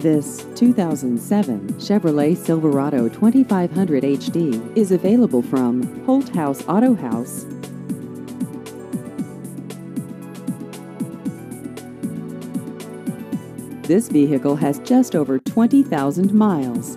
This 2007 Chevrolet Silverado 2500 HD is available from Holt House Auto House. This vehicle has just over 20,000 miles.